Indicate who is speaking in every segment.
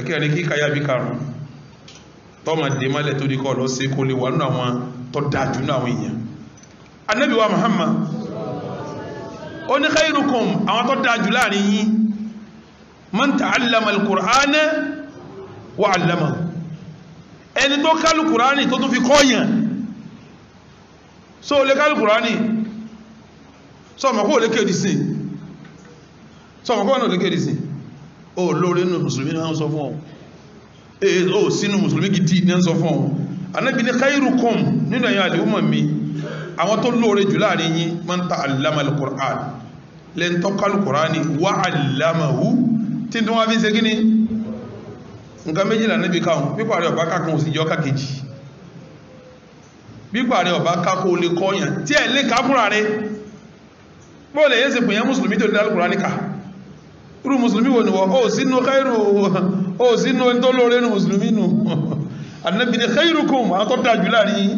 Speaker 1: ẹ̀kẹ́ ní kíkà yá bí karùn tọ́mà dé mọ́lẹ̀ tó ní kọ́ lọ sí kó lè wà nínú àwọn tó dájú nínú àwọn èèyàn Ànábì wa Muhammad ó ní khairukum àwọn tó dájú láàrin yín man ta'allama al-Qur'ana ẹni tó kálù tó tún fi kọ́yàn so olè kálù kùránì sọmọ̀kọ́ olè kéèdì sí sọmọ̀kọ́ olè kéèdì sí ó lórí nínú mùsùlùmí náà ń sọ fún ọ ó sínú mùsùlùmí gidi náà ń sọ fún ọ anábì ní khairukum nínú ẹ̀yà àdìwọ́mọ̀ mi àwọn tó lóore jù láàrin yín máa ń ta allama al-Qur'an lẹ́ntọ́ kálukùránì wà allamahu tí tí wọ́n fi ṣe gíní nǹkan méjìlá níbi káwọn pípa rẹ̀ ọ̀bá kákan òsì jọ́ká kejì pípa rẹ̀ ọ̀bá kákan olè kọ́yàn tí ẹ̀ lè ká fúnra rẹ̀ bóòlẹ̀ yẹ́ sì yẹn mùsùlùmí tó dá kùránì ká irú mùsùlùmí wo ni wọ́n ó sínú khairu ó sínú ẹni tó lóore ní mùsùlùmí nù ànábì ní khairukum àwọn tó dáa jù láàrin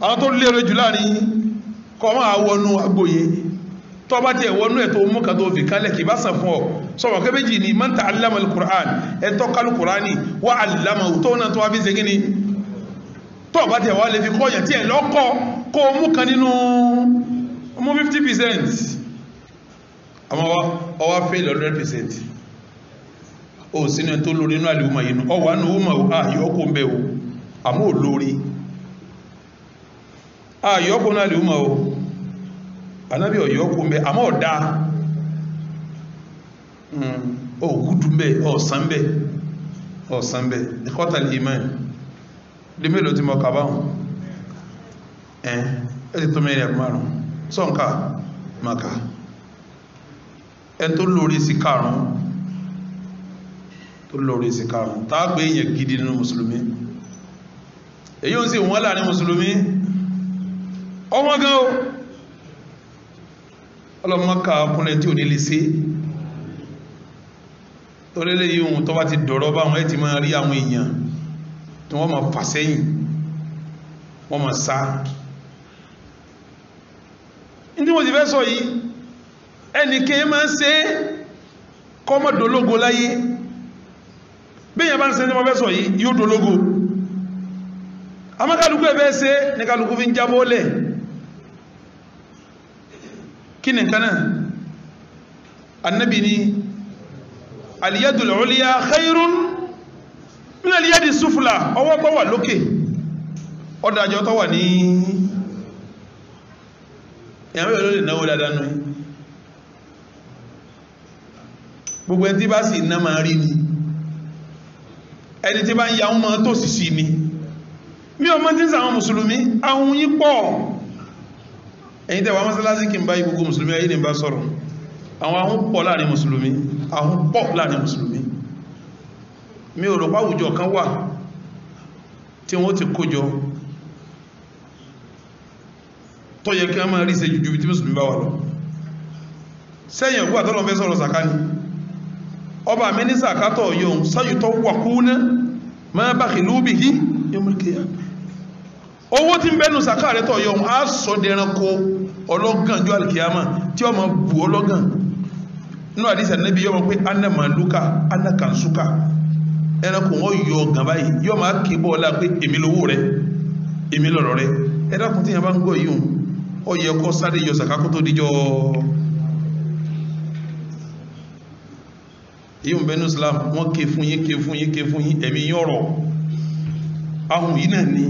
Speaker 1: àwọn tó lérè jù láàrin kọ́ máa wọnú agbóye tó bá tiẹ̀ wọnú ẹ̀ tó mú kàtó fi kálẹ̀ kì bá sàn fún ọ sọ̀rọ̀ kẹ́ méjì ni man ta'allama al-Qur'an ẹ̀ tó kálù kùránì wa alama tó náà tó wá fi segin ni tó bá tiẹ̀ wá lè fi kọ́ yẹn tiẹ̀ lọ́kọ́ kó mú kan nínú mú fifty percent àwọn ọwá fail 100% o sínú tó lórí inú àlèwòmọ̀ yìí ọwà ní wọ́n mọ̀ àyọ́kò ah, ń bẹ̀ o àmú ò lórí àyọ́kò ah, ní àlèwòmọ̀ o anábí ọ̀yọ́kò ń bẹ̀ àmọ́ ọ̀dá ọ̀gúdù hmm, ń bẹ̀ ọ̀sán bẹ̀ ọ̀sán bẹ̀ ìkọ́tàlì imán lè mélòó ti mọ̀ kàbáhùn ẹ̀ ẹ̀ ti tó mẹ́rin ẹ̀ márùn-ún sọ́nkà maka. Eh, ẹ tó lórí sí karùn-ún tó lórí sí karùn-ún tágbé èèyàn gidi nínú mùsùlùmí èyí ò sì wọ́n láàrin mùsùlùmí ọmọ gan o ọlọ́mọka ọkùnrin tí ò ní lè ṣe torí lè yí ohun tó bá ti dọ̀rọ̀ bá wọn ẹ ti máa rí àwọn èèyàn tí wọ́n máa fà sẹ́yìn wọ́n máa sá ní tí mo ti fẹ́ sọ yìí ẹnìkan máa ń ṣe kọ́mọ̀dólógo láyé bíyàn bá ń ṣe ní wọ́n fẹ́ sọ yìí yóò dólógo amákàlùkù ẹ̀fẹ́ ṣe ní kàlùkù fi ń jábọ́ lẹ̀ kí ni nǹkan náà annabi ni aliyadul uliya khairun min aliyadi sufla ọwọ́ gbọ́ wà lókè ọdọ̀ àjọ tó wà ní ẹ̀yàn mẹ́rin ló lè náwó dáadáa nù yìí gbogbo ẹni tí bá sì ná máa rí ni ẹni tí bá ń ya wọn máa tó sì sí ni mi ò mọ̀ tí ń sàwọn mùsùlùmí àwọn yìí pọ̀ ẹ̀yin tẹ́wàá mọ́sálásí kí n bá gbogbo mùsùlùmí ayé ni bá sọ̀rọ̀ àwọn ahun pọ̀ láàrin mùsùlùmí ahun pọ̀ láàrin mùsùlùmí mi ò rò páwùjọ kan wà tí wọ́n ti kójọ tó yẹ kí wọ́n máa rí ṣe jùjú bí tí mùsùlùmí bá wà lọ sẹ́yìn ọgbà tọ́lọ́mẹ́ sọ̀rọ̀ sàkáni ọba mi ní sàkátọ̀ yóò sáyùtọ̀ wà kúnná máa bá kìlú bì kí yọmọkìyà owó tí ń bẹnu sàká rẹ tọ̀ yóò á sọ dẹranko ọlọ́gàn ju àlìkìyàmà tí ọmọ bu ọlọ́gàn nínú àdìsí ànábi yọmọ pé anna màlúkà anna kànsúkà ẹranko wọn yọ ọgàn báyìí yọmọ á kì í bọ́ ọlá pé èmi lówó rẹ èmi lọ́rọ̀ rẹ ẹ dákun bá ń gbọ́ yìí ó yẹ kó sáré yọ sàká kó dijọ́ èyí ń bẹnu islam wọ́n ké fún yín ké fún yín ké fún yín ẹ̀mí yín ahùn yìí náà ni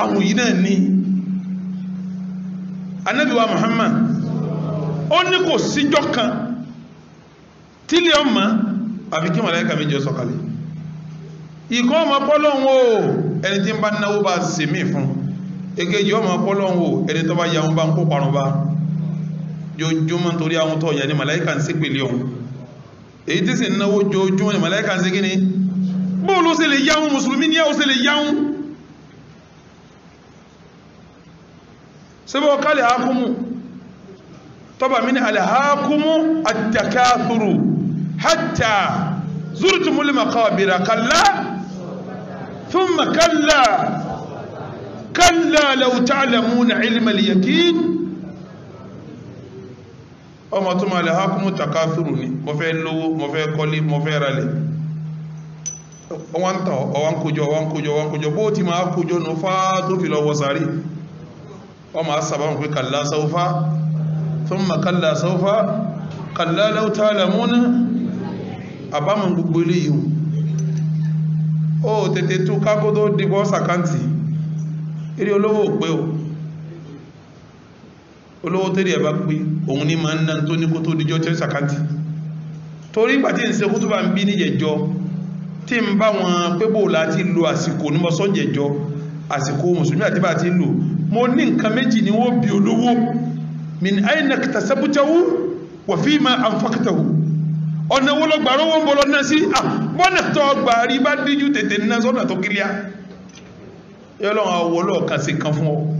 Speaker 1: ahùn yìí náà ni anabi muhammad ó ní kò síjọ́ kan tílé ọmọ àfi kí màláíkà méjì ó sọ̀kalẹ̀ ìkọ́ ọmọ pọ́lọ́hún o ẹni tí ń bá náwó bá sèmí fún èkejì ọmọ pọ́lọ́hún o ẹni tó bá yà wọn bá ń kó parun bá jojúmọ́ torí àwọn tó yà ní màláíkà ń ṣépè ọ̀hún èyí tí sì ń náwó jojúmọ́ ni màláíkà ń ṣe kí ni bóòlù sí lè yáhùn mùsùlùmí ní ẹ̀hùn sí lè yáhùn síbò kálẹ̀ hákúmù tọ́bà mí ní alhákúmù àtàkàtùrù hátà zúrùtùmúlì maqabira kalla thumma kalla kalla law ta'lamuna ilmal yaqin ọmọ tó máa lè hákùnmù takásùrù ni mo fẹ́ lówó mo fẹ́ kọ́lé mo fẹ́ ralẹ̀ ọwọ́n tọ̀ ọwọ́n kójọ ọwọ́n kójọ ọwọ́n kójọ bó ti máa kójọ nù fá tó fi lọ wọ̀sàrí ọmọ asábàmù pé kàlá sáúfá thumma kàlá sáúfá kàlá law ta'lamuna àbámọ̀ gbogbo eléyìí ó tètè tú kákó tó dìbọ́ sàkáǹtì eré olówó pé o olówó tẹ́rì ẹ̀ bá pé òun ní ma ń ná tó ní kó tó díjọ́ tẹ́rì sàkántì torí ìgbà tí ń ṣe kó tó bá ń bí níjẹ̀jọ́ tí ń bá wọn pé láti lo àsìkò ní mo sọ́njẹ̀jọ́ àsìkò mùsùlùmí àti bá ti lò mo ní nǹkan méjì ni wọ́n bí olówó min aina kìtàsẹ́bùtẹ́wù wà fi ma àǹfàkìtàwù ọ̀nà wo lọ́gbà rówó ń bọ̀ lọ́nà sí bọ́nà tó ọgbà rí bá díjú tètè ná sọ́nà tó kílíà yọ́lọ́wọ́ ọwọ́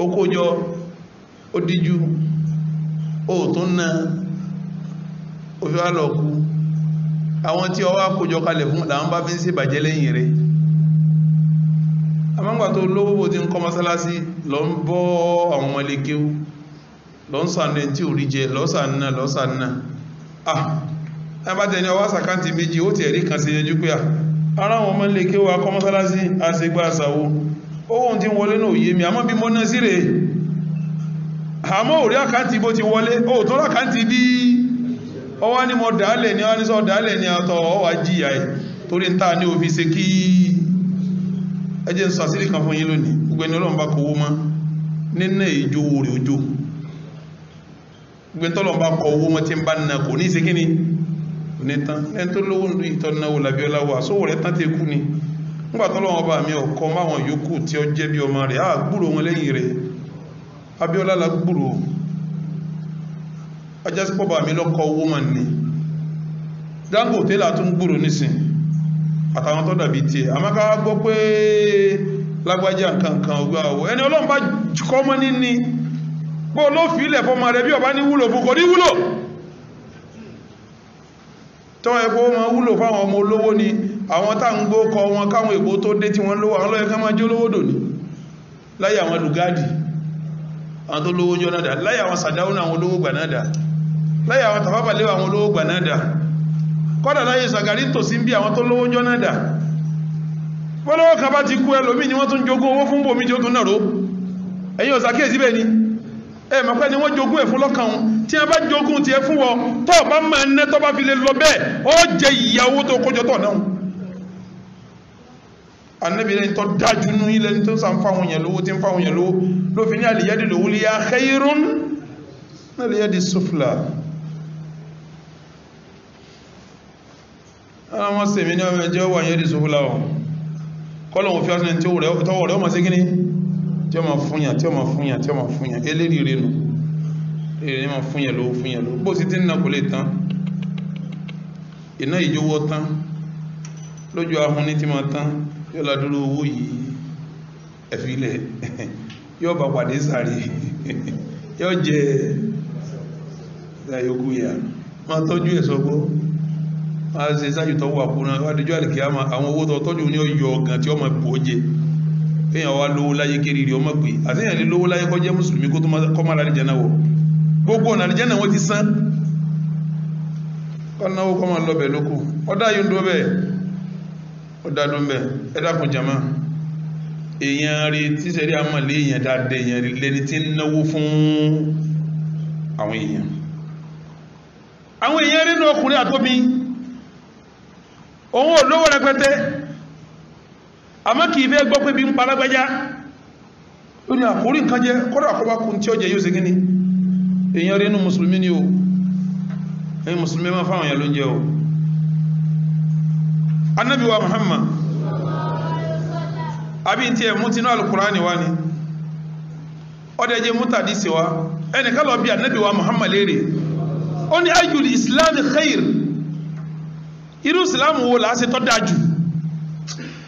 Speaker 1: ó kójọ ó díjú ó àwọn tí ọwọ́ àkójọ kalẹ̀ fún làwọn bá fi ń ṣèbàjẹ́ lẹ́yìn rẹ̀ àmọ́gbà tó lówó bó ti ń lọ ń bọ́ àwọn ọmọ ilé lọ ń sànú tí ò rí jẹ náà náà ah tẹni ọwọ́ àsàkáǹtì méjì ó ti ẹ̀rí kan sí pé à ara àwọn ohun tí wọlé náà yé mi àmọ́ bí mo ná síre àmọ́ òrí àkáǹtì bó ti wọlé ó tó rákáǹtì dí ọwá ní mo dálẹ̀ ní ọ́nísọ́ dálẹ̀ ní àtọ̀ ọwà jíyà ẹ̀ torí ń tàà ní òfi ṣe kí ẹjẹ́ ń sọ kan fún yín lónìí gbogbo ẹni mọ́ nínú ìjó ojó gbogbo ẹni kọ mọ́ tí ń bá nà kò ní ni ní tán ẹni tó lówó rẹ̀ tán ti kú ni. ńgbàtọ́lọ́wọ́n ọba mi ọ̀kọ́ máwọn yòókù tí ó jẹ́ bí ọmọ rẹ̀ á gbúrò wọn lẹ́yìn rẹ̀ Abíọ́lá la gbúrò ajásípọ̀bà mi lọ́kọ̀ owó ma Dangote la tún gbúrò nísìn àtàwọn tó dàbí tiẹ̀ àmáká gbọ́ pé lágbájá nkankan ọgbà ọwọ́ ẹni Ọlọ́run bá kọ́ mọ́ níní pé olófin ilẹ̀ fọmọ rẹ̀ bí ọba ní wúlò fún kò ní wúlò tọ́ ẹ̀kọ́ wọn wúlò fáwọn ọmọ olówó ni àwọn tá ń gbó kọ wọn káwọn èbó tó dé tí wọ́n lówó àwọn lọ́yẹ ká máa jó lówó dòní láyé àwọn lùgáàdì àwọn tó lówó jọ náà dà láyé àwọn sàdáúnà àwọn olówó gbà náà dà láyé àwọn tàbábàlẹ́wà àwọn olówó gbà náà dà kọ́dà láyé sàgárí tòsí ń bí àwọn tó lówó jọ náà dà bọ́lọ́wọ́ kan bá ti kú ẹlòmí ni wọ́n tún jogún owó fún bòmí tí ó tún nàró ẹ̀yin òsàkíyèsí bẹ́ẹ̀ ni ẹ mọ̀ pé ni wọ́n jogún ẹ̀ fún lọ́kàn tí a bá jogún tiẹ̀ fún wọn tó bá máa ń ná tó bá fi lè lọ bẹ́ẹ̀ ó jẹ ìyàwó tó kójọ tó náà anabi lẹni tó dájú nú ilẹ̀ ní tó sàn fáwọn yẹn lówó tí ń fáwọn yẹn lówó ló fi ní àlìyáde lówó lè yá khairun ní àlìyáde sufla àwọn sèmi ní ọmọ ẹjẹ́ wà yẹ́dì sufla ọ̀ kọ́lọ̀ òfin ọ̀sán tí tọwọ́ rẹ̀ ọmọ sí kíní tí ọmọ fúnyà tí ọmọ fúnyà tí ọmọ fúnyà eléri renu èrè ma fúnyà lówó fúnyà lówó bó sì ti ń nà tán yóò lọ dúró owó yìí ẹ̀fílẹ̀ yóò bá pàdé sàárì yóò jẹ ẹ̀yọkú yà ma tọ́jú ẹ̀ sọ́gbọ́ a ṣe sáyù tọ́wọ́ àkúrán wádìíjú àlìkí àwọn owó tọ́jú ní ọyọ ọ̀gàn tí ọmọ ìpò jẹ fíyàn wá lówó láyé kiri rí ọmọ pé àtìyàn lè lówó láyé kọjẹ́ mùsùlùmí kó tó kọ́mọ́ àlàríjẹ́ náà wọ gbogbo ọ̀nà àlìjẹ́ náà wọ́n ti sán ọ̀nà owó kọ́mọ́ lọ́bẹ̀ lókù ọ̀dá yóò dọ́bẹ̀ ó dá ló ń bẹ̀ ẹ dákun jama èèyàn rí tíṣẹ̀rí àmọ̀lé èèyàn dáadé èèyàn lẹni tí ń náwó fún àwọn èèyàn àwọn èèyàn rí ní ọkùnrin àtóbi òun ò lówó rẹpẹtẹ àmọ́ kì í fẹ́ gbọ́ pé bí ń palágbájá ó ní àkórí nǹkan jẹ kọ́dọ̀ àkọ́bá kún tí ó jẹ yóò ṣe ni èèyàn rí inú mùsùlùmí ni o ẹ̀yin mùsùlùmí máa fáwọn èèyàn ló ń jẹ o annabi wa muhammad àbí tí ẹ̀ mú tinú alukurani wa ni ọdẹ jẹ́ mútàdí sí wa ẹnìkan lọ bí annabi wa muhammad léèrè ó ní ayul islam khair irú islam wo la ṣe tọ́ dájú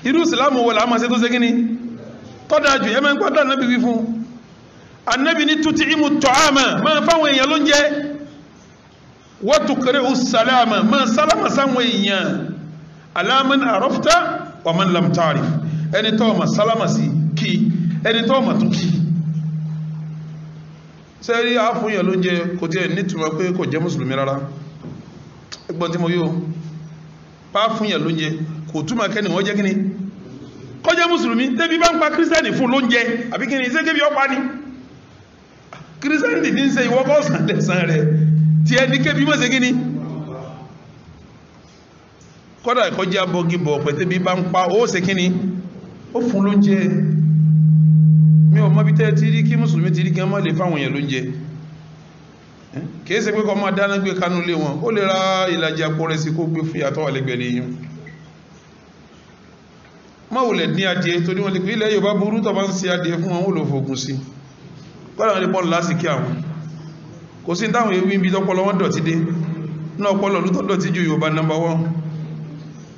Speaker 1: irú islam wo la ma ṣe tó ṣe kíní tọ́ dájú ẹ máa ń gbádùn annabi wí fún annabi ní tuti imu tọ́ámà máa fáwọn èèyàn ló ń jẹ́ wọ́n tukẹrẹ ọ̀sálàmà máa sálàmà sáwọn èèyàn alaman arọ́fútà wàmán lamtari ẹni tó ọmọ sálámà sí kí ẹni tó ọmọ tó kí sẹ́rí àfúnyàn ló jẹ kò tí ẹ̀ nítumọ̀ pé kò jẹ́ mùsùlùmí rárá ẹgbọ́n tí mo yóò bá fúnyàn ló jẹ kò túmọ̀ kẹ́ni wọ́n jẹ́ kíni kọ́ jẹ́ mùsùlùmí débi bá ń pa kírísítẹ́nì fún ló ń jẹ àbí kíni ṣé débi ọ̀pá ni kírísítẹ́nì ti ń ṣe ìwọ́kọ̀ ọ̀sán tẹ̀sán rẹ̀ tiẹ̀ ní kébi mọ̀ ṣe kíni kọ́dà ìkọjá bọ́gí bọ̀ pẹ̀tẹ́ bí bá ń pa ó ṣe kí ni ó fún lóúnjẹ mi ò mọ́bí tẹ́ ti rí kí mùsùlùmí ti rí kí wọ́n lè fáwọn èèyàn lóúnjẹ kìí ṣe pé kọ́ máa dáná gbé kanú lé wọn ó lè ra ìlàjì àpò rẹ̀ sí kó gbé fún yàtọ̀ àlẹ́gbẹ̀lẹ̀ yìí máa wò lẹ̀ ní adìẹ torí wọn lè pé ilẹ̀ Yorùbá burú tó bá ń ṣe adìẹ fún wọn ó lò fògùn sí kọ́dà wọn lè bọ́ọ̀lù lásìkí number one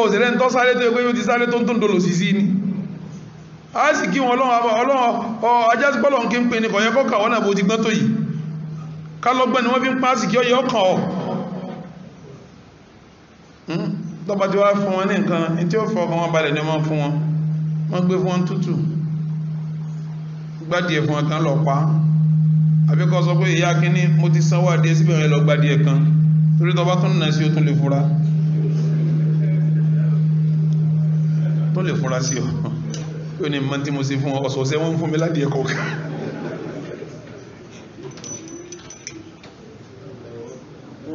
Speaker 1: òsèré ń tọ́ sáré tó yẹ pé yóò ti sáré tó ń tó ń dolo sísí ni a sì kí wọn ọlọ́run àbọ̀ ọlọ́run ọ ajá sí bọ́lọ̀ kí ń pè ní kọ̀yẹ́ kọ́kà wọn náà bó ti gbọ́n tó yìí ká lọ́gbọ́n ni wọ́n fi ń pa á sì kí ọyẹ́ ọkàn ọ hmm? tọ́ba tí wàá fún wọn ní nǹkan ní tí ó fọ ọkàn wọn balẹ̀ ni wọ́n fún wọn wọ́n gbé fún wọn tútù gbádìẹ fún wọn kan lọ pa àbí kọ́ sọ pé ìyá kínní mo ti sanwó adìẹ síbẹ̀ yẹn lọ gbádìẹ kan torí tọ́ba tún nà tó lè fúnra sí ọ yóò ní mọ́ tí mo ṣe fún ọ ọ̀sọ̀ọ̀sẹ̀ wọ́n ń fún mi ládìẹ kọ̀ọ̀kan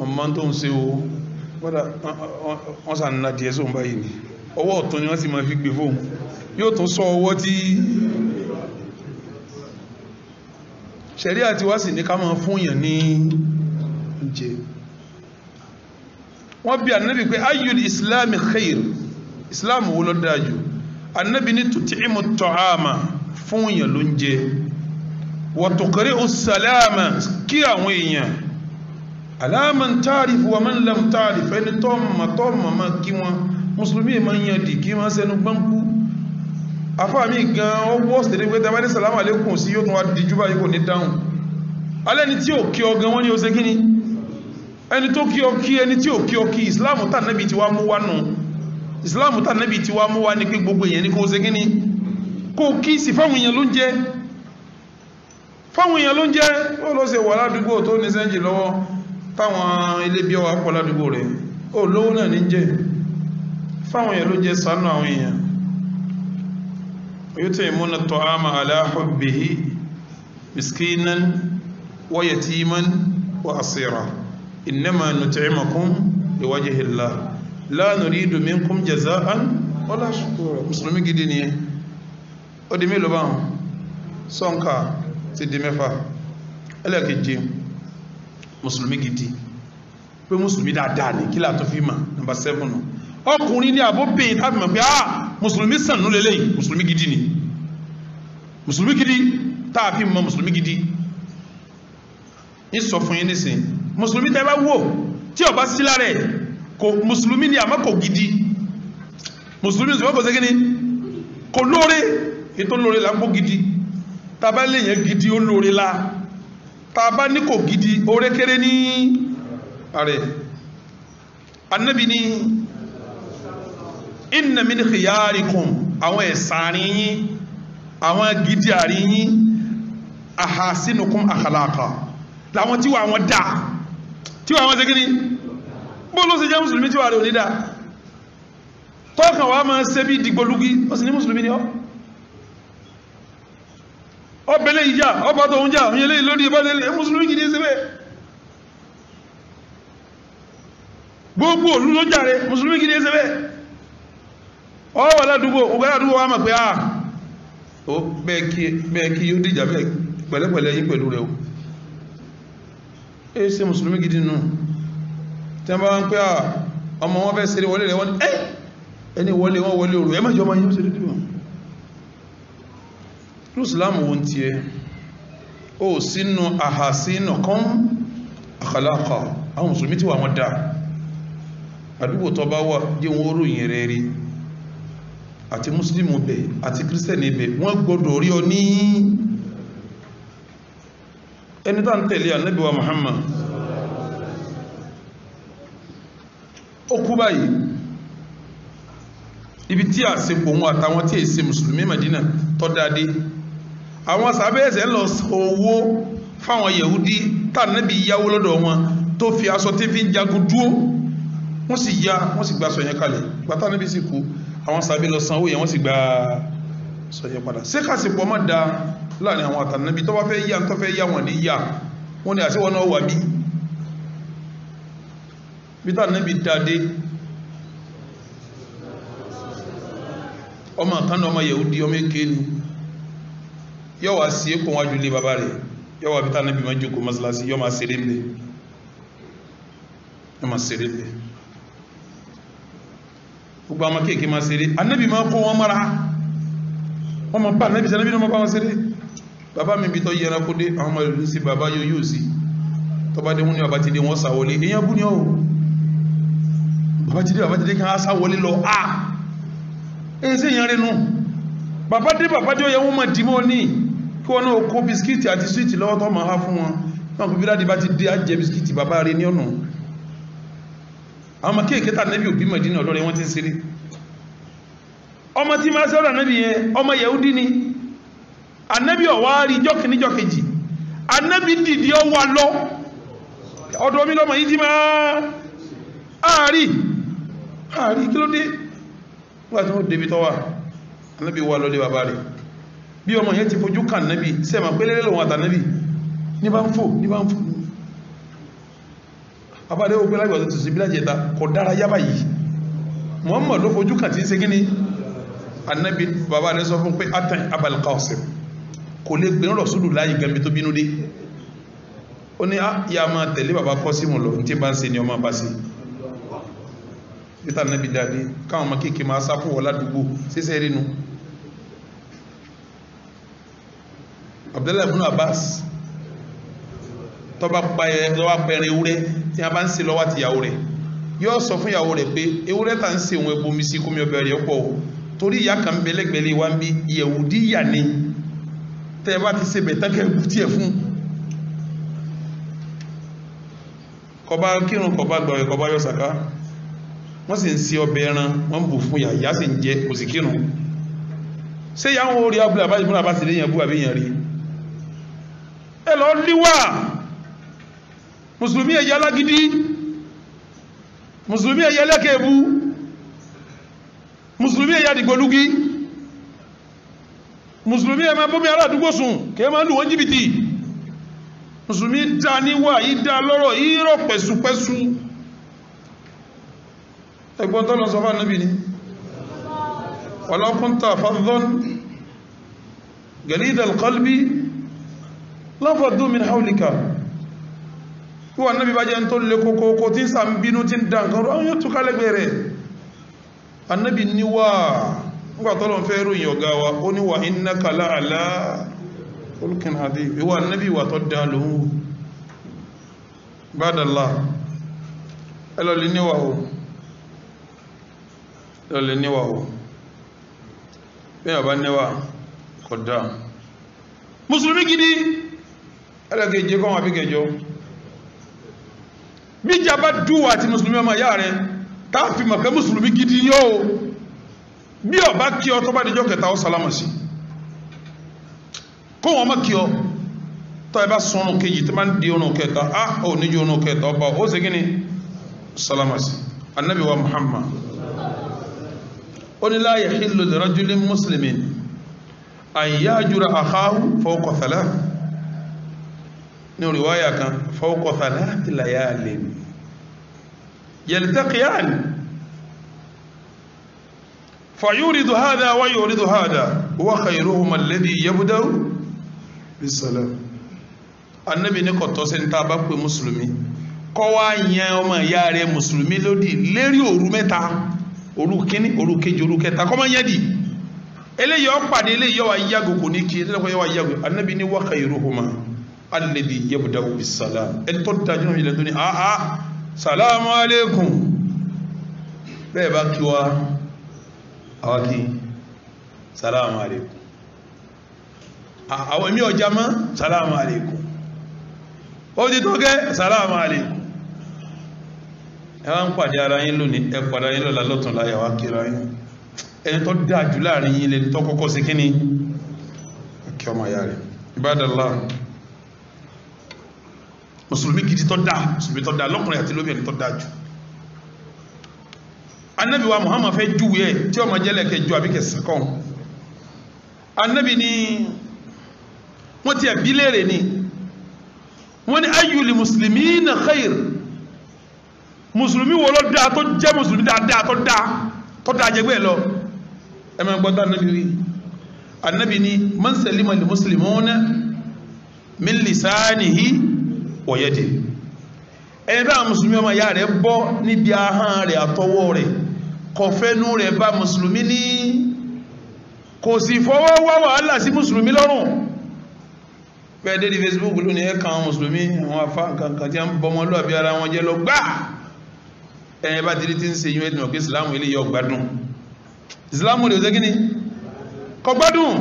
Speaker 1: ọmọ tó ń ṣe o gbọ́dá wọ́n sà ń ládìẹ sóun báyìí ni ọwọ́ ọ̀tún ni wọ́n sì máa fi gbé fóun yóò tún sọ ọwọ́ tí ṣẹ̀rí àti wá sì ní ká máa fún yàn ní ìjẹ wọ́n bi ànábì pé ayyul islami khair islam wo ló dáa jù anabi ní tuti'imu ta'ama fún èèyàn ló ń jẹ wa tuqri'u salama kí àwọn èèyàn alaman ta'rif wa man lam ta'rif ẹni tó mọ̀ tó mọ̀ mọ̀ kí wọn mùsùlùmí ma ń yan dì kí wọ́n sẹ́nu gbọ́nkú afáàmì gan ó wọ́ sí ẹgbẹ́ tẹ́bá ní sàlámà lẹ́kùn sí yóò tún wá di júbà yìí kò ní dáhùn alẹ́ ni tí ò kí ọ gan wọ́n ní ó ṣe kíni ẹni tó kí ọ kí ẹni tí ò kí ọ kí islam tà nábì ti wá mú wá nù ìsìláàmù tá nẹ́bí ti wá mú wá ní pé gbogbo èèyàn ní kó ṣe kí ni kó kíìsì fáwọn èèyàn ló ń jẹ fáwọn èèyàn ló ń jẹ ó lọ ṣe wà ládùúgbò tó ní sẹ́ńjì lọ́wọ́ táwọn ilé bí ọwọ́ pọ̀ ládùúgbò rẹ̀ ó lówó náà ní jẹ fáwọn èèyàn ló jẹ sànú àwọn èèyàn الطعام على حبه مسكينا ويتيما وأصيرا إنما نطعمكم لوجه الله la nuridu minkum jaza'an wala shukura mùsùlùmí gidi ni ó di mélòó bá wọn sọ́nkà ti di mẹ́fà ẹlẹ́kẹ̀jẹ mùsùlùmí gidi pé mùsùlùmí dáadáa ní kí látọ́ fi mà nàbà sẹ́fún nù ọkùnrin ní àbóbìnrin tàbí mọ̀ pé ah mùsùlùmí sànú lélẹ́yìn mùsùlùmí gidi ni mùsùlùmí gidi tàbí mọ̀ mùsùlùmí gidi ní sọ fún yín nísìn mùsùlùmí tẹ́ bá wò tí ó bá sí Ko mùsùlùmí ni àmọ́ kò gidi mùsùlùmí ni kò sẹ́kí ni kò lóore ètò lóore là ń kó gidi tàbá lèyàn gidi ó lóore la Taba ní kò gidi ore kéré ní ààrẹ anabi ni inna min khiyarikum àwọn ẹ̀sàárín yín àwọn gidi àárín yín ahasinukum akhlaqa làwọn tí wà wọn dáa tí wà wọn sẹ́kí ni bóòlù sí jẹ́ mùsùlùmí tí wà rẹ̀ onídà tọ́kàn wá máa ṣe bí dìgbòlugi ó sì ní mùsùlùmí ni ọ́ ọbẹ̀lẹ̀ ìjà ọba tó ń jà òyìnlé lórí ìbádẹ́lẹ̀ mùsùlùmí gidi síbẹ̀ gbogbo òlú ló jàre mùsùlùmí gidi síbẹ̀ ọwọ́ aládùúgbò ògbẹ́ládùúgbò wa mọ̀ pé a ah, bẹ́ẹ̀ kí yóò dìjà pẹ̀lẹ́pẹ̀lẹ́ yí pẹ̀lú rẹ̀ ó ṣe mùsùlùmí gidi nù tí wọ́n bá ń pẹ́ ọmọ wọn fẹ́ ṣeré wọlé rẹ̀ wọ́n ẹ́ ẹni wọlé wọ́n wọlé òru ẹ má jẹ́ ọmọ yíò ṣeré dìbò lùsùlámù wọn ti ẹ ó sínú àhàsínà kan àkàlàkà àwọn mùsùlùmí ti wà wọn dáa àdúgbò tó bá wà jẹ́ wọn ròyìn rẹ̀ rí àti muslim bẹ̀ àti christian bẹ̀ wọ́n gbọ́dọ̀ rí ọ ní ẹni tá tẹ̀lé ànábì muhammad ó kú báyìí ibi tí a ṣe pòun àtàwọn tí èsì mùsùlùmí Madina tọ́dáadé àwọn sàbẹ̀ẹ̀sẹ̀ lọ owó fáwọn Yahudi tànàbí yáwó lọ́dọ̀ wọn tó fi aṣọ tí fi ń jagun dúó wọ́n sì ya wọ́n sì gba sọ̀yẹn kalẹ̀ gbàtà níbi sì kú àwọn sàbẹ̀ lọ sanwó yẹn wọ́n sì gba sọ̀yẹn padà ṣé kàṣepọ̀ má da láàrin àwọn àtànàbí tó bá fẹ́ yá tó fẹ́ yá wọn ní yá wọn ni àṣewọ́n náà wà bíi bítà níbi dáadé ọmọ kan náà ọmọ yẹ̀wúdí ọmọ èké ni yọ wá sí ẹkùn wájú ilé bàbá rẹ̀ yọ wá bítà níbi máa jókòó mọ́sálásí yọ máa ṣeré mbẹ yọ máa ṣeré mbẹ gbogbo àwọn kéèké máa ṣeré anábì máa kọ́ wọn mọ́ra wọ́n máa bá anábì sẹ́ni bí bá wọn ṣeré bàbá mi bi tọ́ yẹra kó dé àwọn ọmọ ìlú sí bàbá yóò yóò sí tọ́ba dé wọn ni bàbá ti dé wọn sàwọlé èèyàn bú ni ọ́ àbájídé àbájídé kan á sáwọlé lọ a èyí sí ìyẹn rínú bàbá dé bàbá jọ yẹ wọ́n mọ̀ dìmọ́ ní kí wọ́n náà kó bisikíìtì àti súwìtì lọ́wọ́ tó máa há fún wọn náà bíbí dáadé bá ti dé àjẹ bisikíìtì bàbá rẹ ní ọ̀nà àwọn ọmọ kéèké tà nẹ́bí òbí mẹ̀dínà ọ̀dọ́ rẹ wọ́n ti ń ṣeré ọmọ tí máa sọ́rọ̀ nẹ́bí yẹn ọmọ yẹ̀údí ni anẹ́bí ọ̀wá rí jọ́kì ní jọ́kejì anẹ́bí dìdí ọwà lọ ọ̀dọ̀ mi lọ́mọ yìí ti máa àárí àrí kí ló dé wà tí wọ́n débi tọ́wà anábì wà lọ́lé bàbá rẹ̀ bí ọmọ yẹn ti fojú kàn nábì sẹ́mà pélélé lòun àtànábì ní bá ń fò ní bá ń fò abáde ó pé lágbàá tó sì bí lájẹta kò dára yába yìí Muhammad ló fojú kàn tí ń ṣe kí ni anábì bàbá rẹ̀ sọ fún pé atan Abal Qasim kò lè gbé rọ̀ sódù láyé gẹ̀mí tó bínú dé ó ní ah, a yà máa tẹ̀lé bàbá Qasim lọ ní tí bá ń ṣe ni ọmọ bá ṣe títà nẹ́bí dáadé káwọn ọmọ kéèké máa sáfò wọ́n ládùúgbò síṣẹ́ rínu Abdullahi ibn Abbas tọ́ba pẹ̀rin ewúrẹ́ tí a bá ń ṣe lọ́wọ́ àti ìyàwó rẹ̀ yóò sọ fún ìyàwó rẹ̀ pé ewúrẹ́ tà ń ṣe òun ebomi sí kómi ọbẹ̀ rẹ̀ pọ̀ torí ìyá kan bẹ́lẹ́gbẹ̀lẹ́ wa ń bí yẹ̀wùdí yà ni tẹ́ ẹ bá ti ṣe bẹ̀tẹ́ kẹ́ kú tiẹ̀ fún kọba kírun kọba gbọ̀rẹ̀ kọba yọ sàká wọ́n sì ń se ọbẹ̀ ẹran wọ́n bù fún yà ìyá sì ń jẹ kò sì kírun ṣé ìyá wọn orí abúlé àbájú múlá bá sì léyìn abú àbíyàn rí ẹ lọ líwà mùsùlùmí ẹ̀yà alágídí mùsùlùmí ẹ̀yà ẹlẹ́kẹ̀ẹ́bú mùsùlùmí ẹ̀yà dìgbòlúgí mùsùlùmí ẹ̀ máa bómi aládùúgbò sùn kẹ́ máa lù wọ́n jìbìtì mùsùlùmí dá níwà yìí dá lọ́rọ̀ yìí rọ̀ pẹ̀sùpẹ̀sù ẹgbọ́n tó lọ sọ fún ànábì ni wàlákúntà fadhon gẹ̀lídà alqalbi láfàdó min haulika tí wà nábi bá jẹ́ tó lè kókókó tí ń sàm bínú tí ń dá nǹkan rọ àwọn tó kálẹ̀gbẹ̀ rẹ̀ annabi níwà nígbàtọ́lọ̀ fẹ́ ròyìn ọ̀gá ẹlọ́lì níwà ló lè níwà o bí ọba níwà kò dáa mùsùlùmí gidi ẹlẹ́gẹ̀ẹ́jẹ kọ́ wọn àbíkẹjọ bíjà bá dúwà àti mùsùlùmí ọmọ ìyá rẹ táàfì mọ̀kẹ́ mùsùlùmí gidi yóò bí ọba kí ọ tó bá dijọ́ kẹta ó sálámà sí kó wọn mọ̀ kí ọ tọ́ ẹ bá sọnù kejì tó máa ń di ọ̀nà kẹta á ò níjú ọ̀nà kẹta ọba ó ṣe kí sálámà sí anabi muhammad ó ní la yahillu li rajulin muslimin an ya'jura akhahu fawqa thalath ní riwaya kan fawqa thalath layalin yaltaqiyan fayuridu hadha wa yuridu hadha wa khayruhuma alladhi yabda'u bisalam annabi ní kọ̀tọ́ sí ní ta bá pè mùsùlùmí kọ́ yẹn ọmọ ìyá mùsùlùmí lódì lérí òru mẹ́ta òru kínní òru kejì òru kẹta kọ́ máa ń yẹ́dì eléyìí ọ pàdé eléyìí ọwà yàgò kò ní kí eléyìí ọwà yàgò anabi ní wa khairuhuma alladhi yabda'u bisalam ẹni tó dájú náà yẹlẹ tó ní aha salamu aleykum bẹ́ẹ̀ bá kí wa àwa kí salamu aleykum àwọn èmi ọjà mọ́ salamu aleykum ó ti tó gẹ́ salamu aleykum ẹ wá ń pàdé ara yín lónìí ẹ pàdé ara yín lọ́la lọ́tún láyà wá kíra yín ẹni tó dáa jù láàrin yín lẹni tó kọ́kọ́ sí kíni kí ọmọ ìyá rẹ̀ Ibadallah mùsùlùmí gidi tó dáa mùsùlùmí tó dáa lọ́kùnrin àti lóbìnrin tó dáa jù anabi wa Muhammad fẹ́ júwe ẹ̀ tí ọmọ jẹ́lẹ̀ kẹjọ àbí kẹsàn kan anabi ni wọ́n ti ẹ̀bí léèrè ni wọ́n ni ayyul muslimina khair mùsùlùmí wo ló dáa tó jẹ́ mùsùlùmí dáadáa tó dáa tó dáa jẹgbẹ́ ẹ lọ ẹ máa anabi wí anabi ni man salima li muslimuna min lisanihi wa yadihi ẹni bá mùsùlùmí ọmọ ìyá rẹ̀ bọ́ níbi ahọ́n rẹ̀ àtọwọ́ rẹ̀ kọfẹ́nu rẹ̀ bá mùsùlùmí ní kò sì fọwọ́ wá wàhálà sí mùsùlùmí lọ́rùn pẹ́ẹ́dẹ́rì Facebook lónìí ẹ̀ka àwọn mùsùlùmí àwọn afá kankan tí a ń bọmọlúwàbí ara wọn jẹ́ lọ gbáà ẹ bá diri ti ń ṣe yín ẹ dùn kí islam ilé yọ gbádùn islam rẹ ọsẹ gíní kò gbádùn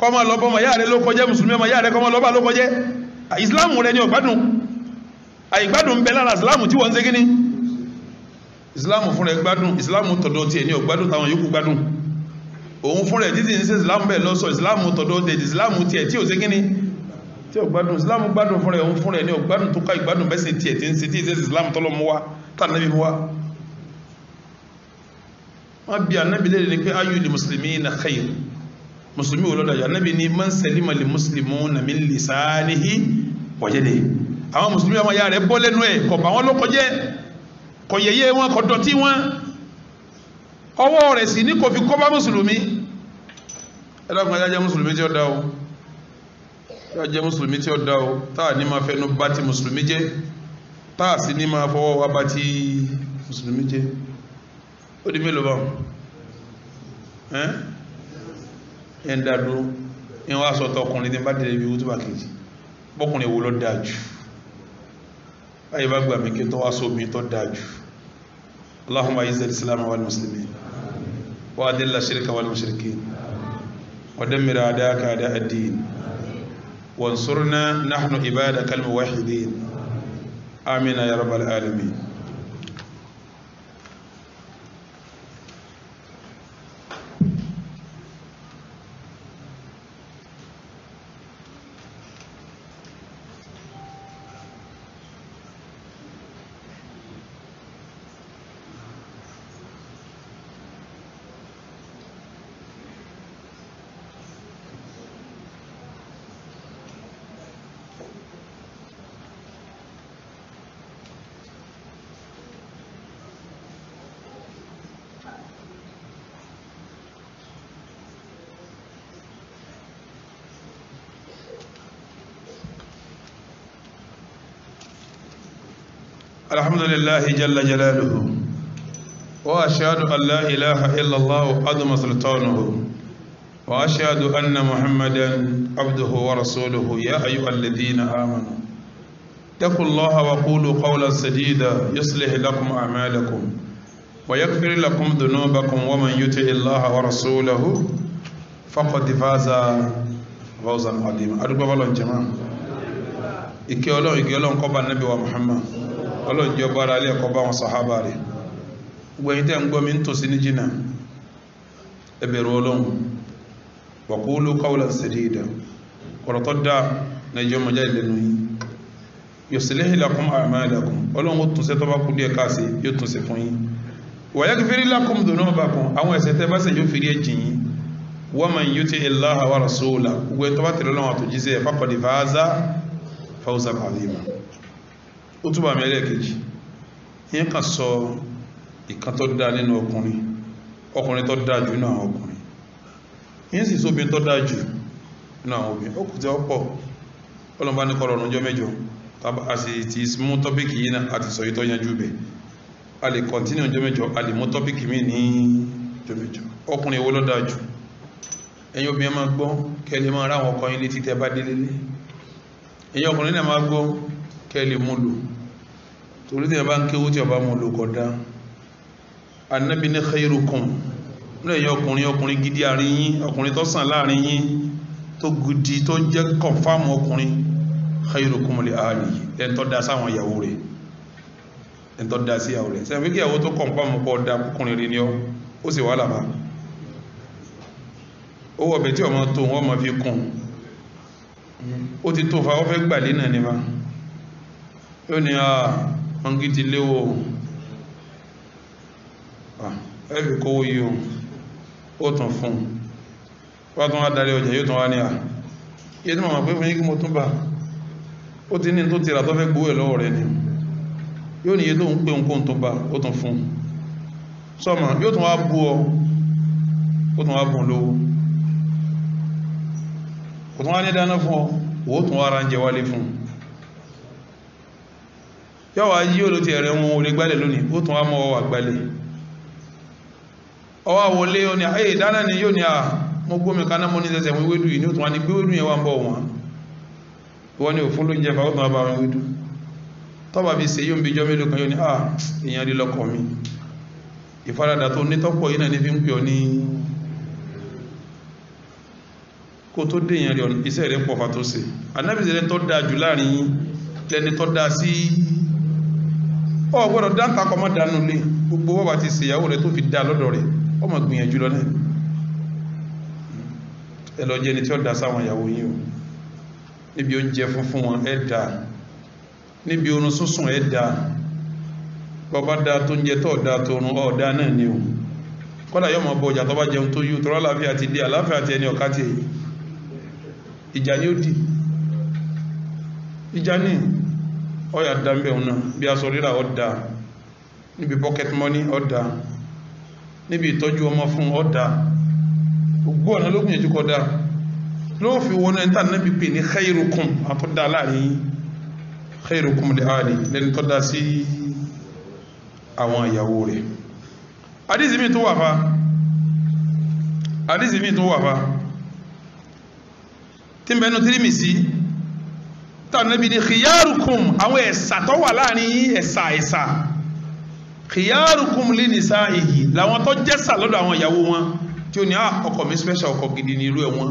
Speaker 1: kọ máa lọ bọ ọmọ yára ló kọjẹ mùsùlùmí ọmọ yára kọ máa lọ bá ló kọjẹ islam rẹ ni ọgbádùn àìgbádùn ń bẹ lára islam tí wọn ń ṣe gíní islam fúnra ẹ gbádùn islam tọ̀dọ̀ tiẹ̀ ni ọgbádùn táwọn yòókù gbádùn òun fúnra ẹ títí ń ṣe islam bẹ́ẹ̀ lọ sọ tọ̀dọ̀ tẹ islam tiẹ̀ tí ò ṣe gíní tí ó islam gbádùn fún rẹ̀ òun fún rẹ̀ ní ọgbádùn tó ká ìgbádùn bẹ́sẹ̀ tiẹ̀ tí ń ṣe tí ìṣẹ́sì islam tọ́lọ mú wa tànàbí mú wa wọ́n bí anábì lè rí pé ayú lè mùsùlùmí na khair mùsùlùmí wò lọ́dọ̀ anábì ní man salima lè mùsùlùmí na min lisanihi wa yadihi àwọn mùsùlùmí àwọn ya rẹ̀ bọ́ lẹ́nu ẹ̀ kọ̀ bá wọn ló kọjẹ́ kọ̀ yẹyẹ wọn kọ̀ dọ̀tí wọn ọwọ́ rẹ̀ sì ní kò fi kọ́ bá mùsùlùmí ẹ̀dá kan yájá mùsùlùmí tí ó dá o yóò jẹ́ mùsùlùmí tí ó dá o a ní máa fẹnu bá ti mùsùlùmí jẹ́ táà sí ní máa fọwọ́ wá bá ti mùsùlùmí jẹ́ ó di mélòó báwọn ẹ́n ẹ̀ ń dádúró ìwọ́n aṣọ tọkùnrin ní bá dẹ̀rẹ̀ ibi wútúbà kejì bọ́kùnrin wo ló dáa jù báyìí bá gbà mí kí tó wá sómi tó dáa jù Allahumma izz al-islam wal muslimin wa adill ash-shirka wal mushrikin wa وانصرنا نحن عبادك الموحدين آمين يا رب العالمين الحمد لله جل جلاله وأشهد أن لا إله إلا الله عظم سلطانه وأشهد أن محمدا عبده ورسوله يا أيها الذين آمنوا اتقوا الله وقولوا قولا سديدا يصلح لكم أعمالكم ويغفر لكم ذنوبكم ومن يطع الله ورسوله فقد فاز فوزا عظيما أرجو الله جماعة إكي الله إكي الله قبل النبي ọlọ́run jẹ́ ọba ara ilé ẹ̀kọ́ bá wọn sàhábà rẹ̀ gbogbo ẹ̀yin tẹ́ ń gbọ́ mi ń tòsí ní jìnnà ẹ bẹ̀rù ọlọ́run wa qulu qawlan sadida ọ̀rọ̀ tó dáa nàìjíríà ọmọ jáde lẹ́nu yìí yuslih lakum a'malakum ọlọ́run ó tún yóò tún ṣe fún yín wa yaghfir lakum dhunubakum àwọn ẹ̀ṣẹ̀ tẹ́ bá ṣẹ̀ yóò fi rí ẹ̀jì yín wa man yuti'i llaha wa rasulahu gbogbo ẹ̀ tó bá tẹ̀lé ọlọ́run àtòjíṣẹ́ faqad ó túbà mi ẹlẹ́ẹ̀kejì yẹn sọ ìkan tó dáa nínú ọkùnrin ọkùnrin tó dáa jù náà ọkùnrin yẹn sì sóbi tó dáa jù náà obìnrin ó kù ní mẹ́jọ a ti mú tọ́pìkì yìí náà àti sọ ìtọ́ yanjú bẹ̀ a lè ọjọ́ mẹ́jọ a lè mú tọ́pìkì ní ọjọ́ mẹ́jọ ọkùnrin ló dáa jù ẹ̀yin obìnrin máa gbọ́ máa ráwọn ọkọ yín létí tẹ́ bá délé ẹ̀yin ọkùnrin náà máa gbọ́ mú torí tí a bá ń kéwú tí a bá mú lò kọ̀dá anábi ní khairukum lẹ́yìn ọkùnrin ọkùnrin gidi àárín yín ọkùnrin tó sàn láàrin yín tó gidi tó ń jẹ́ kọ̀fáàmù ọkùnrin khairukum li ahli ẹni tó dá sáwọn ìyàwó rẹ̀ ẹni tó dá sí ìyàwó rẹ̀ sẹ́yìn fíkì ìyàwó tó kọ̀fáàmù pọ̀ dá ọkùnrin rẹ̀ ni ọ́ ó sì wà lábá ó wọ̀ bẹ̀ tí ọmọ tó wọ́n mọ̀ fi kùn ó ti tó fa ó fẹ́ gbàlé náà ni ma ó ní àà ah, hangi ti léwò ah, ẹ̀fì kówó yìí ó tàn fún wá tún wá darí ọjà yóò tún wá ní à ah, yé tí màmá pé fún yí kí mo tún bà ó ti ní tó ti rà tó fẹ́ gbówó ẹ̀ lọ́wọ́ rẹ̀ ni yóò ní iye tó ń pè ń kóhun tó bà ó tàn fún sọmọ yóò tún wá bú ọ ó tún wá bùn lówó ó tún wá ní dáná fún ọ òwò wá ra ń jẹ wálé fún un yọ́wà yí ó ló ti ẹ̀rẹ̀ wọn olè gbálẹ̀ lónìí ó tún wá mọ́ ọwà gbálẹ̀ ọwà wọlé ó ní àyè dáná ni yóò ní à ah, mo gbómi kaná mo ní sẹsẹ wíwédú yìí ní ó tún wá ní gbé wédú yẹn wá ń bọ̀ wọn wọn ni òfin ló ń jẹ fà ó tún wá bá wọn wédú tọ́ba fi ṣe yóò ń bíjọ́ mélòó kan yóò ní à ah, ìyẹn rí lọ́kọ̀ mi ìfaradà tó nítọ́pọ̀ yìí náà ní fi ń pè ọ ní kó tó dé yẹn rí iṣẹ́ rẹ̀ pọ̀ tó ṣe anábìsẹ̀ rẹ̀ tó dáa jù láàrin yín lẹni tó sí ọ gbọ́dọ̀ dáńtà kọ́ mọ́ dánú lé gbogbo wọ́n bá ti ṣèyàwó rẹ tó fi dá lọ́dọ̀ rẹ ọmọ gbìyànjú lọ náà ẹ lọ tí ó dá sáwọn ìyàwó yìí o níbi oúnjẹ funfun wọn ẹ dá níbi oorun sísùn ẹ dá bọba dá tó ń jẹ tó dá tó rún ọ náà ni o kọ́dà yọmọ bọ ọjà tó bá jẹun tó yú tọrọ àláfíà ti dé àláfíà ti ẹni ọ̀ká ti èyí ìjà ni ó di ìjà ni ọ yà dá mbẹ̀ ọ̀nà bí aṣọ rírà ọ dá níbi pocket money ọ dá níbi ìtọ́jú ọmọ fún ọ dá gbogbo ọ̀nà ló gbìyànjú kọ dá ló fi wọn ẹni tá níbi pè ní khairukum àtọ́dá láàrin yín khairukum lè àlè lẹ́ni tọ́dá sí àwọn ìyàwó rẹ̀ àdìsí tó wà fa tí ń tírímì sí tànàbí ni khiyarukum àwọn ẹ̀sà tó wà láàrin yín ẹ̀sà ẹ̀sà khiyarukum lè ní sáà èyí làwọn tó jẹ́sà lọ́dọ̀ àwọn ìyàwó wọn tí ó ní ah, ọkọ mi special ọkọ gidi ní irú ẹ̀ wọn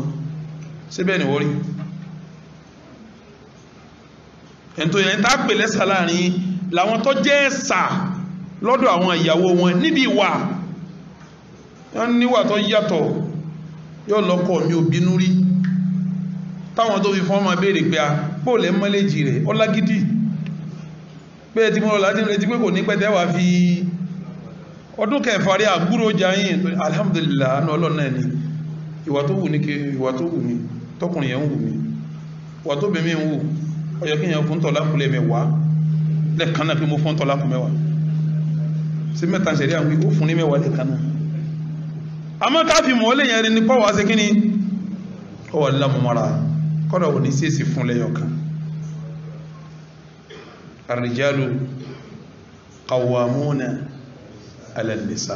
Speaker 1: síbẹ̀ ni wọ́n rí ẹ̀ntọ́ yẹn tá pè lẹ́sà láàrin làwọn tó jẹ́ ẹ̀sà lọ́dọ̀ àwọn ìyàwó wọn níbi ìwà wọ́n níwà tó yàtọ̀ yóò lọ́kọ mi ò bínú rí táwọn tó fi fọ́n máa béèrè pé a ah, bóòlẹ̀ mọ́lẹ́jì rẹ̀ ọlágídì pé ẹ ti mọ́ ọlá tí ń retí pé kò ní pẹ́tẹ́ wà fi ọdún kẹfàrí àgbúrò jayin alhamdulillah anú ọlọ́nà ẹni ìwà tó wù ní kí ìwà tó wù ní tọkùnrin yẹn ń wù ní ìwà tó bẹ̀mí ń wù ọyọ́ kí yẹn fún tọ́lákùnlẹ̀ mẹ́wàá lẹ́ẹ̀kan náà pé mo fún tọ́lákùn mẹ́wàá sí mẹ́ta ṣẹ̀rí àwọn ìwò fún ní mẹ́wàá lẹ́ẹ̀kan náà àmọ́ káfí mọ́ lè yẹn rí pọ́wàá sí kí ni ọwọ́ lámọ́mọ́ra kọ́dọ̀ wò ní sí èsì fún lẹ́yọ̀kan àrìjálù kàwàmúnà alẹ́nìsà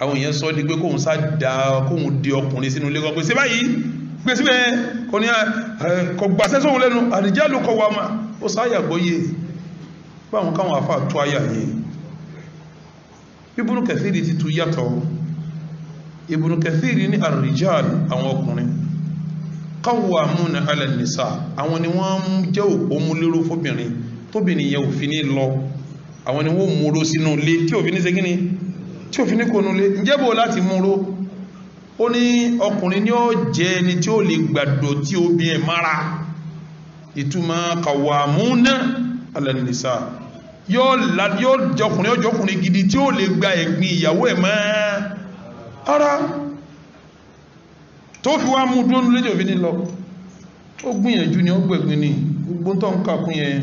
Speaker 1: àwọn èèyàn sọ di pé kóhun sá da kóhun di ọkùnrin sínú ilé kọ́pẹ́ sí báyìí gbé síbẹ̀ kò lẹ́nu àrìjálù kọwàmà ó sáyà gbọ́yé báwọn káwọn àfà tó àyà yìí Ibn Kathiri ti tu yàtọ̀ Ibn Kathiri ní àrìjálù àwọn ọkùnrin qawwamuna ala nisa àwọn ni wọ́n jẹ́ òpó múléró fóbìnrin tóbìnrin yẹn òfin ní lọ àwọn ni wọ́n múró sínú ilé tí òfin ní ṣe kíni tí òfin ní kónú ilé ǹjẹ́ bò láti múró ó ní ọkùnrin ni ó jẹ́ ẹni tí ó lè gbàdọ̀ tí obìnrin mara ìtumọ̀ qawwamuna ala nisa yóò jọkùnrin yóò jọkùnrin gidi tí ó lè gba ẹ̀gbin ìyàwó ẹ̀ mọ́ ara. tó fi wá mú dúró lójò fi ní lọ ó gbìyànjú ni ó gbẹ̀gbìn ni gbogbo tó ń kàkún yẹn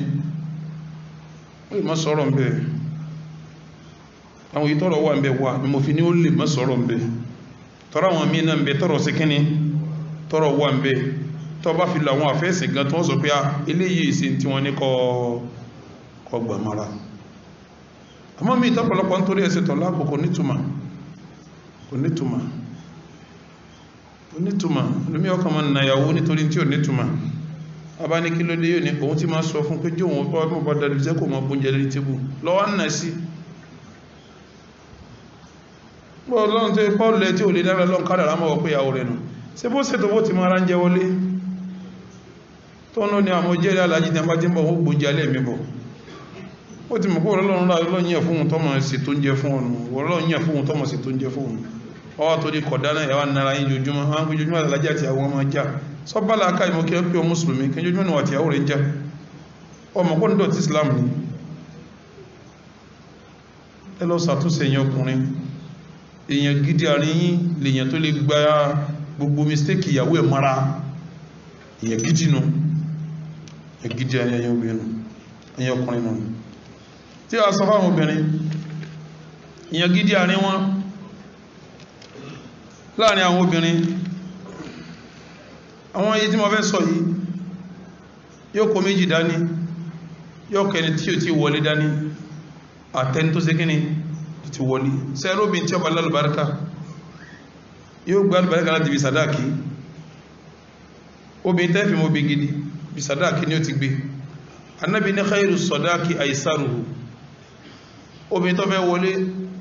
Speaker 1: ó lè àwọn wà wà ni mo fi ní ó lè mbe sọ̀rọ̀ ńbẹ̀ tọ́rọ̀ àwọn míì náà ńbẹ̀ tọ́rọ̀ wà bá fi lọ àwọn gan tó ń sọ pé a ah, eléyìí sí onítùmọ̀ lómi ọkàn mọ́ nàyàwó nítorí tí ò nítùmọ̀ abá ní kí ló dé yóò ní òun ti máa sọ fún pé jó òun bọ́ bọ́ dàdú jẹ́ kò mọ bóúnjẹ lórí tébù lọ́wọ́ nà sí pọ́ ọlọ́run tó pọ́ lẹ tí ò lè dára lọ́n kádà rámọ́ wọ pé ìyàwó rẹ̀ nù ṣe bó ṣètò bó ti máa ra ń jẹ wọlé tó ń lò ní alájí ní abájẹ́ bọ̀ ó gbóúnjẹ alẹ́ mi bọ̀ ó ti mọ̀ pé ọlọ́run rà ọlọ́run yẹ̀ tọ́mọ̀ sí tó ń jẹ fún ọwọ́ tó di kọ̀dánà ẹ̀wà nara yín jojúmọ́ wọn kí jojúmọ́ alájà àti àwọn ọmọ jà sọ́bàlá aka ìmọ̀ kí wọ́n pè ọ́ mùsùlùmí kí jojúmọ́ nù àti àwọn rẹ̀ jà ọmọ kó ń dọ̀tí Islam ni ẹ lọ ṣàtúnṣe yẹn ọkùnrin èèyàn gidi àárín yín lèèyàn tó lè gba gbogbo mistake ìyàwó ẹ̀ mara èèyàn gidi nu èèyàn gidi àárín ọkùnrin nu tí a sọ fáwọn obìnrin èèyàn gidi àárín wọn láàrin àwọn obìnrin àwọn iye tí mo fẹ́ sọ yìí yóò kó méjì dání yóò kẹni tí ò ti wọlé dání àtẹni tó sé kíni ti wọlé sẹ́rọ́bì tí ọba lálùbáríkà yóò gbá lálùbáríkà láti bí sàdáàkì obìnrin tẹ́fì mọ́ gbégidi bí sàdáàkì ni ó ti gbé anábi ní khairu sàdáàkì àìsàrùhù obìnrin tó fẹ́ wọlé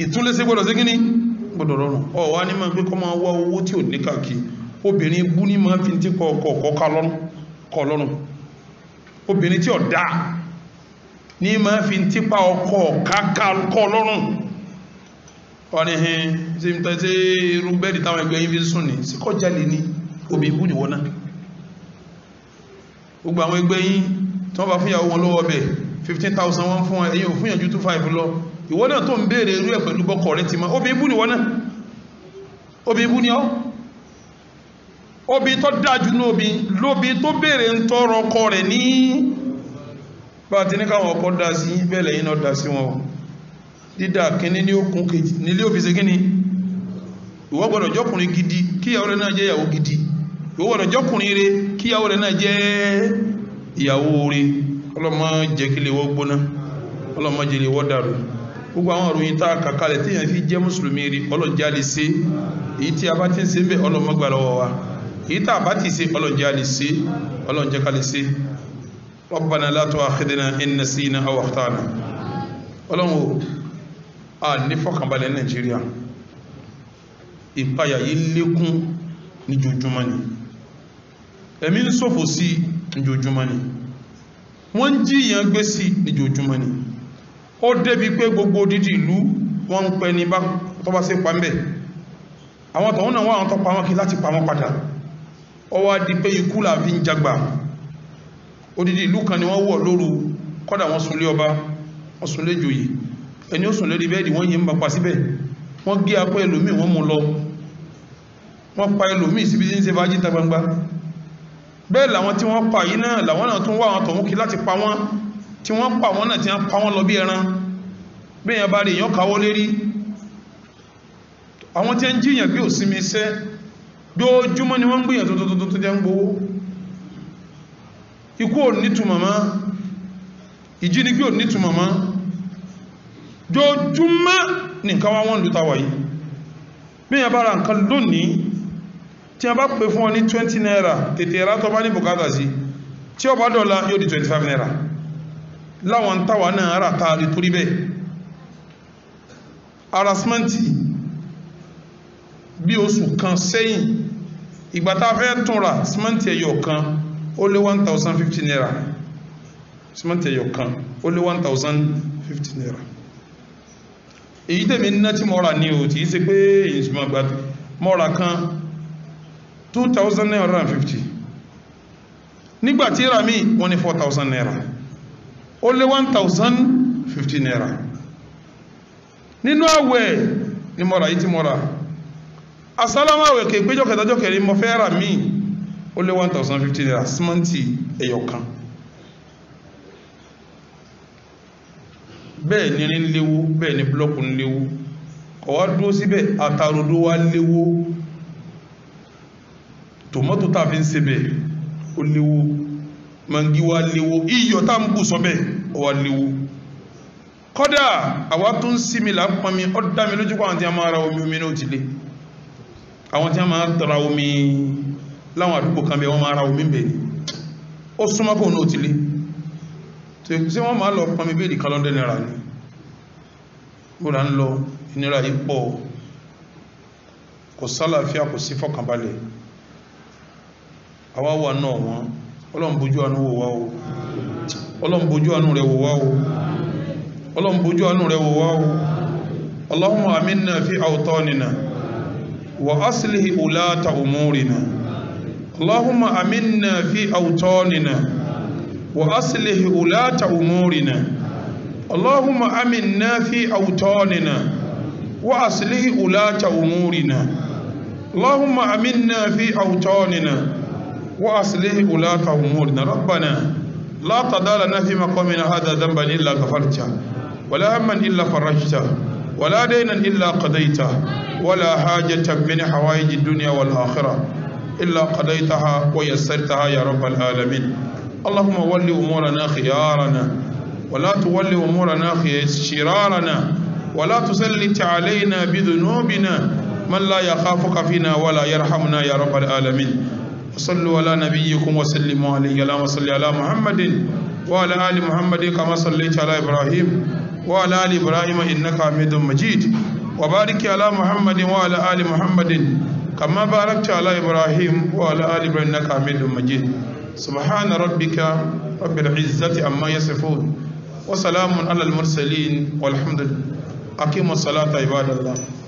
Speaker 1: ìtúlẹ́sẹ̀ gbọ́dọ̀ sí kíní gbọ́dọ̀ rọrùn ọ̀wá ní máa gbé kọ́ máa wá owó tí ò ní kàkí obìnrin bú ní máa fi ti kọ ọkọ ọkọ kọ lọ́rùn obìnrin tí ò dá ní máa fi ti pa ọkọ ọ̀ká kọ lọ́rùn wọ́n ní hin ṣe ń tẹ́ sí irú bẹ́ẹ̀dì táwọn ẹgbẹ́ yín fi sùn ní sí kọjá lè ní obìnrin bú nìwọ́n náà gbogbo àwọn ẹgbẹ́ yín tí wọ́n bá fún ìyàwó wọn lọ́wọ́ bẹ̀ fifteen wọ́n fún ẹ̀yìn òfúnyànjú two lọ ìwọ náà tó ń béèrè irú ẹ̀ pẹ̀lú bọ́kọ̀ rẹ ti mọ́ obì ibú ni wọ́n náà obì ibú ni ọ́ obì tó dájú ní obì lóbi tó béèrè ń tọrọ ọkọ rẹ̀ ní bá a ti ní káwọn ọkọ dá sí bẹ́ẹ̀lẹ̀ yìí náà dá sí wọn dídá kínní ní okùn kejì nílé òbí ṣe kínní gbọ́dọ̀ jọkùnrin gidi kíyàwó rẹ náà jẹ́ ìyàwó gidi ìwọ gbọ́dọ̀ jọkùnrin rẹ kíyàwó rẹ náà jẹ́ ìyàwó rẹ ọlọ́mọ jẹ́ kí gbóná ọlọ́mọ jẹ́ lè dàrú gbogbo àwọn ìròyìn tá a kà kalẹ̀ tí èèyàn fi jẹ́ mùsùlùmí rí ọlọ́jà lè ṣe èyí tí a bá ti ń ṣe ń bẹ̀ ọlọ́mọgbà lọ́wọ́ wa èyí tá a bá ti ṣe ọlọ́jà lè ṣe ọlọ́jà ká lè ṣe Rabbana la tu'akhidhna in nasina aw akhta'na ọlọ́run a ní fọkànbalẹ̀ Nàìjíríà ìpayà yìí lékún ní jojúmọ́ ni ẹ̀mí ń ṣòfò sí ní jojúmọ́ ni wọ́n ń jíyàn gbé sí ní jojúmọ́ ni ó débi pé gbogbo odidi ìlú wọ́n ń pẹ ní tọ́bá sí pa mẹ́ àwọn tọ̀hún náà wọ́n àwọn tọ́pa wọn kí láti pa padà ó wá di pé ikú là fi ń jagbà odidi ìlú kan ni wọ́n wọ̀ lóru kọ́dà wọ́n sunlé ọba wọ́n sunlé joyè ẹni ó sùn lórí bẹ́ẹ̀dì wọ́n yìí ń bapa síbẹ̀ wọ́n gé apá ẹlòmíì wọ́n mú lọ wọ́n pa ẹlòmíì síbi tí ń ṣe fàájì ta gbangba bẹ́ẹ̀ làwọn tí wọ́n pa yìí náà làwọn náà tún wá àwọn tọ̀hún kí láti pa wọ́n tí wọ́n pa wọ́n náà tí wọ́n pa wọ́n lọ bí ẹran bí èèyàn bá rí èèyàn káwọ́ lérí àwọn tí ń jíyàn bí òsinmi iṣẹ́ dójúmọ́ ni wọ́n ń gbìyàn tuntun tó jẹ́ ń gbowó ikú ò nítumọ̀ mọ́ ìjínigbé ò nítumọ̀ mọ́ dójúmọ́ ní nǹkan wá wọ́n lù tàwà yìí bí èèyàn bá ra nǹkan lónìí tí a bá pè fún ọ ní 20 naira tètè ra tó bá ní bùkátà sí tí ó bá dọ̀la yóò di 25 naira láwọn táwa náà rà tá a lè torí bẹ́ẹ̀ harassmenti bí oṣù kan sẹ́yìn ìgbà fẹ́ tún ra ẹ̀yọ̀ kan ó lé one thousand fifty naira simenti ẹ̀yọ̀ kan ó lé one thousand fifty naira èyí tèmi ná tí mo rà ní o tí í ṣe pé ìjùmọ̀ gbà mo kan two thousand nine and fifty nígbà tí ra wọ́n ní four thousand naira. Only lé one thousand fifty naira nínú àwẹ̀ ni mo rà yìí tí mo rà asálámà àwẹ̀ kè péjọ kẹtàjọ kẹrin mo fẹ́ rà míì ó one thousand fifty naira símọ́ǹtì ẹyọ kan bẹ́ẹ̀ ni ní léwó bẹ́ẹ̀ ni búlọ́ọ̀kù ń léwó ọ̀wá dúró síbẹ̀ àtàròdó wá léwó tòmọ́tò tá a fi ń sebẹ̀ ó léwó mangi wa léwo iyọ̀ tá n bù sọ́bẹ̀ wa léwo kọ́dà àwa tó ń sinmi là ń pọnmi ọ́ dá mi lójú kó àwọn tí a máa ra omi omi náà ti lé àwọn tí a máa tara omi láwọn àdúgbò kan bẹ wọ́n máa ra omi bẹ̀ ni ó súnmọ́ kó náà ti lé tí wọ́n máa lọ pọnmi bí ìdíkan lọ́dẹ̀ náírà ni ó là ń lọ ìnira yìí pọ̀ kò sálàáfíà kò sí fọkànbalẹ̀ àwa wà náà wọ́n ọlọ́run bójú àánú wò wá o ọlọ́run bójú àánú rẹ̀ wò wá o ọlọ́run bójú àánú rẹ̀ wò wá o Allahumma aminna fi awtanina wa aslih ulata umurina Allahumma aminna fi awtanina wa aslih ulata umurina Allahumma aminna fi awtanina wa aslih ulata umurina Allahumma aminna fi awtanina وأصلح ولاة أمورنا ربنا لا تدع لنا في مقامنا هذا ذنبا إلا غفرته ولا هما إلا فرجته ولا دينا إلا قضيته ولا حاجة من حوائج الدنيا والآخرة إلا قضيتها ويسرتها يا رب العالمين اللهم ول أمورنا خيارنا ولا تول أمورنا شرارنا ولا تسلط علينا بذنوبنا من لا يخافك فينا ولا يرحمنا يا رب العالمين وصلوا على نبيكم وسلموا عليه اللهم صل على محمد وعلى آل محمد كما صليت على إبراهيم وعلى آل إبراهيم إنك حميد مجيد وبارك على محمد وعلى آل محمد كما باركت على إبراهيم وعلى آل إبراهيم إنك حميد مجيد سبحان ربك رب العزة عما يصفون وسلام على المرسلين والحمد لله أقيموا الصلاة عباد الله